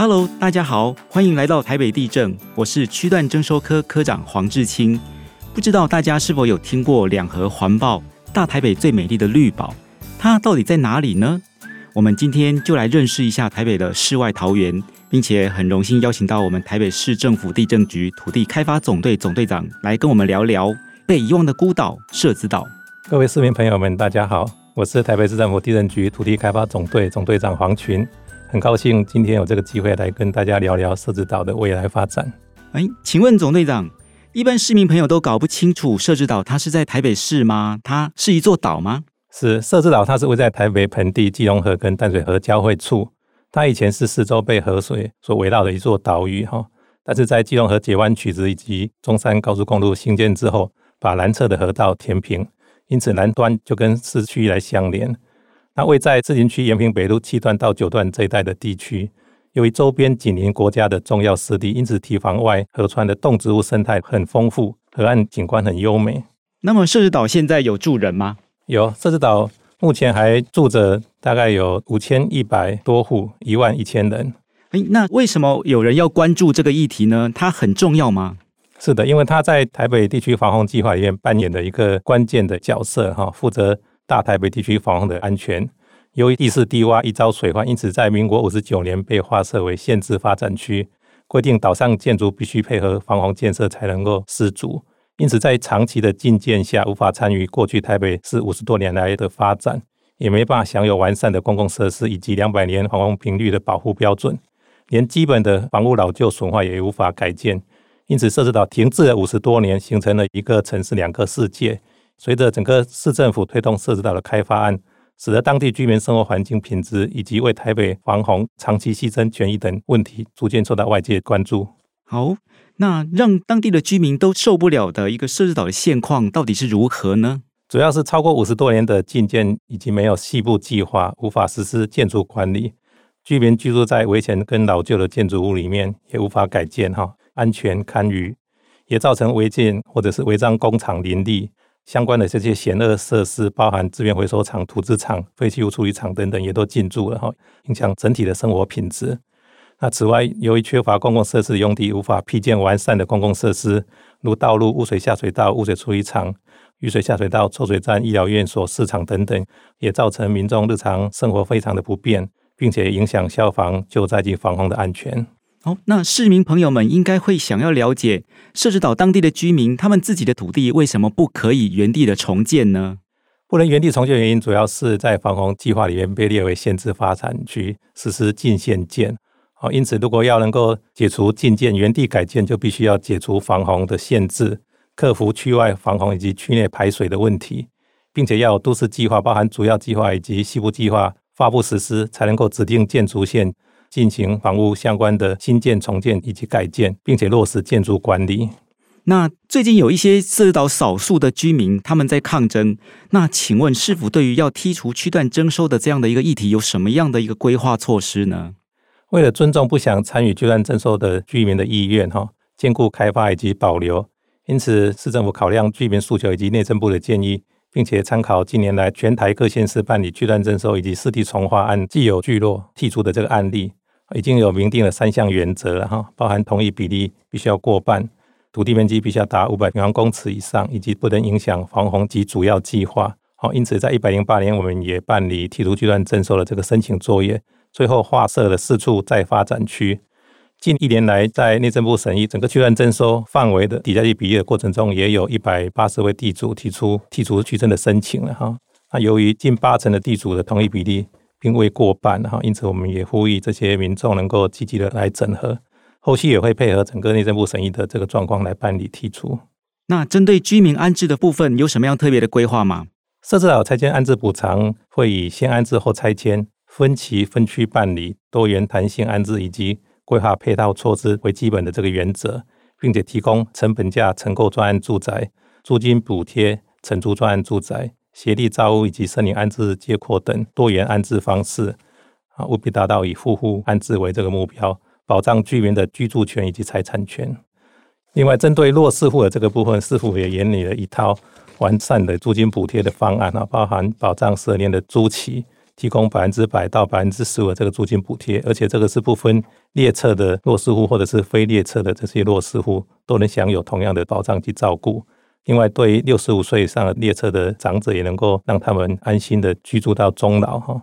Hello，大家好，歡迎來到台北地政。我是區段徵收科科長黃致青。不知道大家是否有聽過兩河環抱大台北最美麗的綠寶，它到底在哪裡呢？我們今天就來認識一下台北的世外桃源，並且很榮幸邀請到我們台北市政府地政局土地開發總隊總隊，總隊長來跟我們聊聊被遺忘的孤島社子島。各位市民朋友們，大家好，我是台北市政府地政局土地開發總隊總隊，總隊長黃群。很高興今天有這個機會來跟大家聊聊社子島的未來發展。哎，請問總隊長，一般市民朋友都搞不清楚社子島，它是在台北市嗎？它是一座島嗎？是，社子島，它是位在台北盆地基隆河跟淡水河交匯處。它以前是四周被河水所圍繞的一座島嶼哈、哦，但是在基隆河截彎取直以及中山高速公路興建之後，把南側的河道填平，因此南端就跟市區來相連。它位在士林區延平北路七段到九段，這一帶的地區，由於周邊緊鄰國家的重要濕地，因此堤防外河川的動植物生態很豐富，河岸景觀很優美。那麼社子島現在有住人嗎？有，社子島目前還住着大概有五千一百多戶一萬一千人。哎、欸，那為什麼有人要關注這個議題呢？它很重要嗎？是的，因為它在台北地區防洪計劃裡面扮演的一個關鍵的角色哈，哦，負責大台北地區防洪的安全。由於地勢低窪，易遭水患，因此在民國五十九年，被劃設為限制發展區，規定島上建築必須配合防洪建設才能夠施主。因此，在長期的禁建下，無法參與過去台北市五十多年來的發展，也沒辦法享有完善的公共設施以及兩百年防洪頻率的保護標準，連基本的房屋老舊損壞也無法改建。因此，社子島停滯了五十多年，形成了一個城市兩個世界。隨着整個市政府推動社子島的開發案，使得當地居民生活環境品質以及為台北防洪長期犧牲權益等問題，逐漸受到外界關注。好，那讓當地的居民都受不了的一個社子島的現況到底是如何呢？主要是超過五十多年的禁建，以及沒有細部計劃，無法實施建築管理。居民居住在危險跟老舊的建築物裡面，也無法改建哈，安全堪虞，也造成違建或者是違章工廠林立。相關的這些嫌惡設施，包含資源回收廠、土資廠、廢棄物處理廠等等，也都進駐了哈，影響整體的生活品質。那此外，由於缺乏公共設施用地，無法闢建完善的公共設施，如道路、污水下水道、污水處理廠、雨水下水道、抽水站、醫療院所、市場等等，也造成民眾日常生活非常的不便，並且影響消防、救災及防洪的安全。哦、那市民朋友們應該會想要了解，社子島當地的居民，他們自己的土地為什麼不可以原地的重建呢？不能原地重建的原因主要是在防洪計劃裡面被列為限制發展區，實施禁限建。好、哦，因此如果要能夠解除禁建，原地改建就必須要解除防洪的限制，克服區外防洪以及區內排水的問題，並且要有都市計劃包含主要計劃以及細部計劃發布實施，才能夠指定建築線進行房屋相關的新建、重建以及改建，並且落實建築管理。那最近有一些涉及到少數的居民，他們在抗爭。那請問，市府對於要剔除區段徵收的這樣的一個議題，有什麼樣的一個規劃措施呢？為了尊重不想參與區段徵收的居民的意願，哈，兼顧開發以及保留，因此市政府考量居民訴求以及內政部的建議，並且參考近年來全台各縣市辦理區段徵收以及市地重劃案既有聚落剔除的這個案例。已經有明定了三項原則了哈，包含同意比例必須要過半，土地面積必須要達五百平方公尺以上，以及不能影響防洪及主要計劃。好，因此在一百零八年，我們也辦理剔除區段徵收的這個申請作業，最後劃設了四處再發展區。近一年來，在內政部審議整個區段徵收範圍的抵價地比例的過程中，也有一百八十位地主提出剔除區段的申請了哈。那由於近八成的地主的同意比例並未過半哈，因此我們也呼籲這些民眾能夠積極的來整合，後續也會配合整個內政部審議的這個狀況來辦理剔除。那針對居民安置的部分有什麼樣特別的規劃嗎？設置好拆遷安置補償，會以先安置後拆遷、分期分區辦理、多元彈性安置以及規劃配套措施為基本的這個原則，並且提供成本價承購專案住宅、租金補貼承租專案住宅。協力造屋以及森林安置、借擴等多元安置方式，啊，務必達到以戶戶安置為這個目標，保障居民的居住權以及財產權。另外，針對弱勢戶的這個部分，市府也研擬了一套完善的租金補貼的方案啊，包含保障十二年的租期，提供百分之百到百分之十五的這個租金補貼，而且這個是不分列冊的弱勢戶或者是非列冊的這些弱勢戶都能享有同樣的保障及照顧。另外，因為對於六十五歲以上的列車的長者，也能夠讓他們安心的居住到終老哈。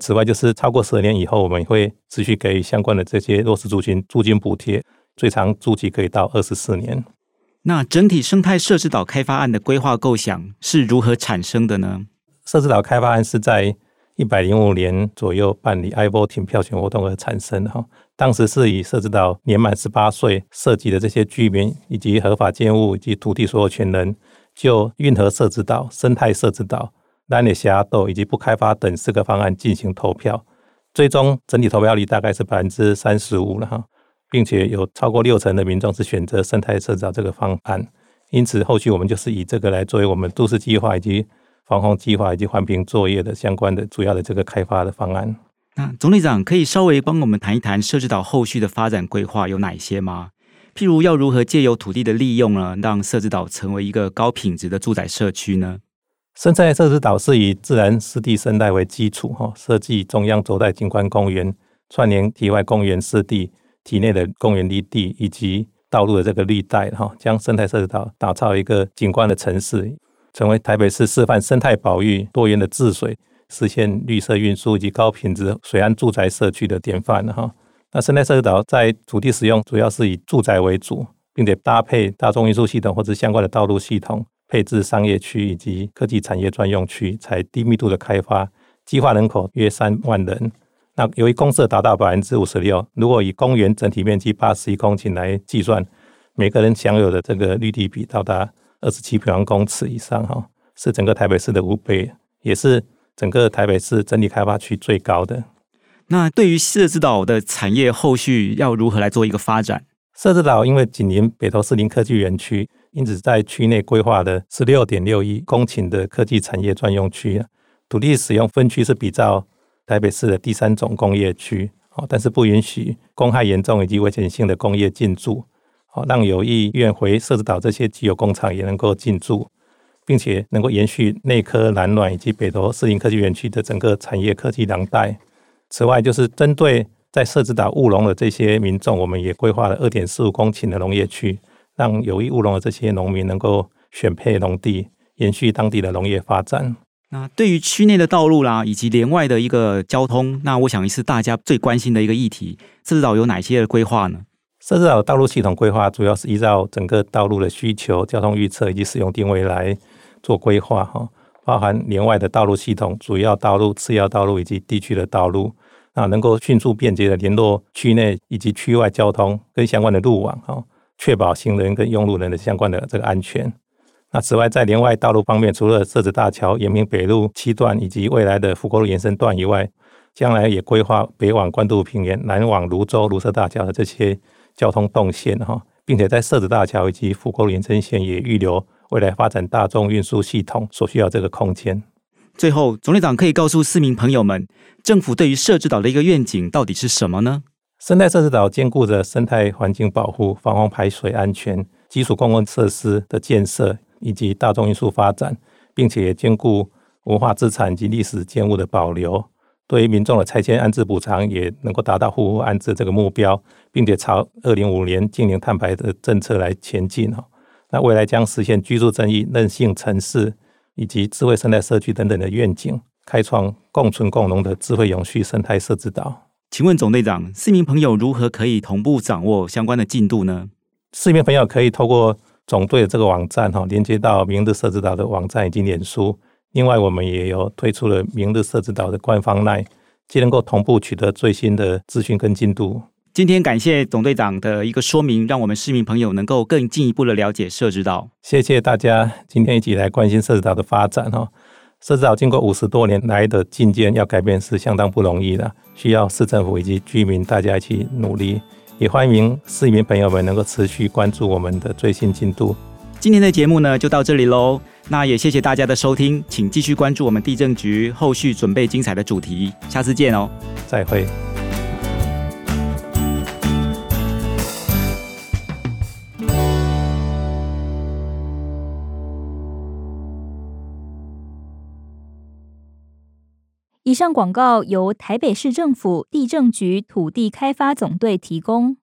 此外，就是超過十年以後，我們會持續給予相關的這些弱勢租金租金補貼，最長租期可以到二十四年。那整體生態社子島開發案的規劃構想是如何產生的呢？社子島，島開發案是在一百零五年左右辦理 I-Voting 票選活動而產生哈。當時是以社子島年滿十八歲設籍的這些居民以及合法建物以及土地所有權人，就運河社子島、生態社子島、咱的社子島以及不開發等四個方案進行投票。最終整體投票率大概是百分之三十五了哈，並且有超過六成的民眾是選擇生態社子島這個方案。因此，後續我們就是以這個來作為我們都市計劃以及防洪計劃以及環評作業的相關的主要的這個開發的方案。那總隊長可以稍微幫我們談一談社子島後續的發展規劃有哪一些嗎？譬如要如何借由土地的利用呢，讓社子島成為一個高品質的住宅社區呢？生態社子島是以自然濕地生態為基礎，哈、哦，設計中央軸帶景觀公園，串聯堤外公園濕地、堤內的公園綠地以及道路的這個綠帶，哈、哦，將生態社子島打造一個景觀的城市，成為台北市示範生態保育多元的治水，實現綠色運輸以及高品質水岸住宅社區的典範，哈。那生態社子島在土地使用主要是以住宅為主，並且搭配大眾運輸系統或者相關的道路系統，配置商業區以及科技產業專用區，採低密度的開發，計劃人口約三萬人。那由於公設達到百分之五十六，如果以公園整體面積八十一公頃來計算，每個人享有的這個綠地比到達二十七平方公尺以上，哈，是整個台北市的五倍，也是。整個台北市整體開發區最高的，那對於社子島的產業後續要如何來做一個發展？社子島因為緊鄰北投士林科技園區，因此在區內規劃的十六點六一公頃的科技產業專用區，土地使用分區是比照台北市的第三種工業區，好，但是不允許公害嚴重以及危險性的工業進駐，好，讓有意願回社子島這些既有工廠也能夠進駐。並且能夠延續內科南軟以及北投士林科技園區的整個產業科技廊帶。此外，就是針對在社子島務農的這些民眾，我們也規劃了二點四五公頃的農業區，讓有意務農的這些農民能夠選配農地，延續當地的農業發展。那對於區內的道路啦，以及連外的一個交通，那我想也是大家最關心的一個議題。社子島有哪些的規劃呢？社子島的道路系統規劃，主要是依照整個道路的需求、交通預測以及使用定位來做規劃哈，包含聯外的道路系統，主要道路、次要道路以及地區的道路，啊能夠迅速便捷的聯絡區內以及區外交通跟相關的路網哈，確保行人跟用路人的相關的這個安全。那此外，在聯外道路方面，除了社子大橋、延平北路七段以及未來的福國路延伸段以外，將來也規劃北往關渡平原、南往蘆洲、蘆社大橋的這些交通動線哈，並且在社子大橋以及福國路延伸線也預留。未來發展大眾運輸系統所需要這個空間。最後，總隊長可以告訴市民朋友們，政府對於社子島的一個願景到底是什麼呢？生態社子島兼顧着生態環境保護、防洪排水安全、基礎公共設施的建設以及大眾運輸發展，並且也兼顧文化資產及歷史建物的保留。對於民眾的拆遷安置補償，也能夠達到戶戶安置這個目標，並且朝二零五年淨零碳排的政策來前進。那未來將實現居住正義、韌性城市以及智慧生態社區等等的願景，開創共存共榮的智慧永續生態社子島。請問總隊長，市民朋友如何可以同步掌握相關的進度呢？市民朋友可以透過總隊的這個網站哈，連接到明日社子島的網站以及臉書。另外，我們也有推出了明日社子島的官方 LINE，既能夠同步取得最新的資訊跟進度。今天感謝總隊長的一個說明，讓我們市民朋友能夠更進一步的了解社子島。謝謝大家今天一起來關心社子島的發展哈、哦。社子島經過五十多年來的禁建，要改變是相當不容易的，需要市政府以及居民大家一起努力。也歡迎市民朋友們能夠持續關注我們的最新進度。今天的節目呢就到這裡嘍，那也謝謝大家的收聽，請繼續關注我們地政局後續準備精彩的主題，下次見哦，再會。以上廣告由台北市政府地政局土地開發總隊提供。